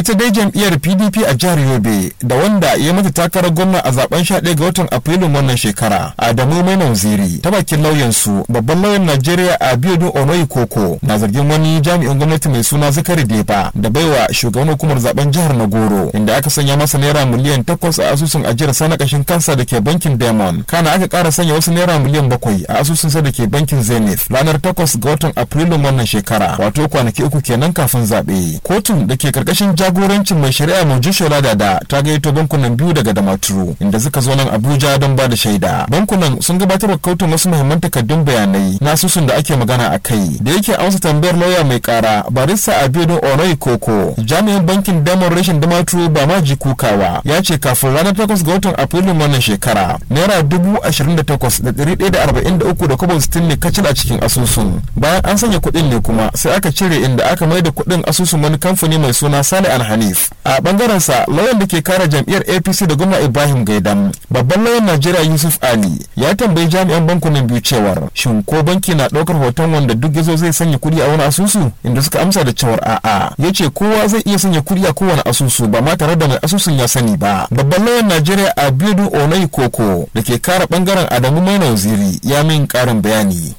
ita dai jam'iyyar pdp a jihar yobe da wanda ya mata takarar gwamna a zaben sha ɗaya ga watan afrilun wannan shekara adamu mai nauziri ta bakin lauyansu babban lauyan najeriya a biyodun onoyi koko na zargin wani jami'in gwamnati mai suna zakari deba da baiwa shugaban hukumar zaben jihar nagoro inda aka sanya masa naira miliyan takwas a asusun ajiyar sana kashin kansa da ke bankin diamond kana aka kara sanya wasu naira miliyan bakwai a asusun sa da ke bankin zenith ranar takwas ga watan afrilun wannan shekara wato kwanaki uku kenan kafin zaɓe kotun da ke karkashin jagorancin mai shari'a mai jushola da ta gayyato bankunan biyu daga damaturu inda suka zo nan abuja don ba da shaida bankunan sun gabatar da kautun wasu muhimman takardun bayanai na susun da ake magana a kai da yake amsa tambayar lauya mai kara barista abiodun onoi koko jami'in bankin damar rashin damaturu ba ma ji kukawa ya ce kafin ranar takwas ga watan afrilun wannan shekara naira dubu ashirin da takwas da ɗari ɗaya da arba'in da uku da kwabo sittin ne kacal a cikin asusun bayan an sanya kuɗin ne kuma sai aka cire inda aka mai da kuɗin asusun wani kamfani mai suna sale alhanis a bangaren sa lauyan da ke kare jam'iyyar apc da gwamna ibrahim gaidam babban lauyan najeriya yusuf ali ya tambayi jami'an bankunan biyu cewar shin ko banki na ɗaukar hoton wanda duk yazo zai sanya kuɗi a wani asusu inda suka amsa da cewar a'a ya ce kowa zai iya sanya kuɗi a kowane asusu ba ma tare da mai asusun ya sani ba babban lauyan najeriya abidu onayi koko da ke kare bangaren adamu mainau ziri ya min karin bayani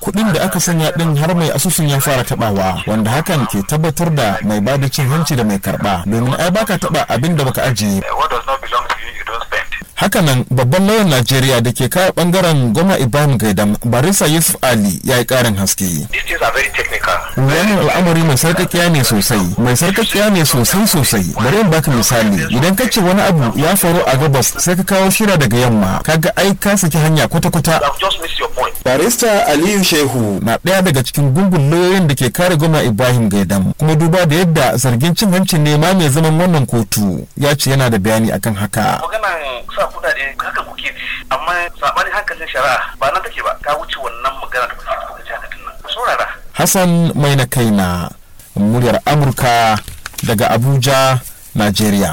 kuɗin da aka sanya ɗin har mai asusun ya fara taɓawa wanda hakan ke tabbatar da mai bada cin hanci da mai karɓa domin ai baka taɓa abin da baka ajiye eh, hakanan babban lauyan najeriya da ke kawo bangaren goma ibrahim gaidam barisa yusuf ali ya yi karin haske wannan al'amari mai sarkakiya ne sosai mai sarkakiya ne sosai sosai bari in baka misali idan ka ce wani abu ya faru a gabas sai ka kawo shira daga yamma kaga ai ka saki hanya kwata-kwata barista aliyu shehu na ɗaya daga cikin gungun lauyoyin da ke kare goma ibrahim gaidam kuma duba da yadda zargin cin hancin nema mai zaman wannan kotu ya ce yana da bayani akan haka kuɗaɗe haka kuke amma saɓanin hankalin shari'a ba nan take ba ka wuce wannan magana da kuke kuka ji haka nan saurara. Hassan mai na kai na muryar Amurka daga Abuja, Najeriya.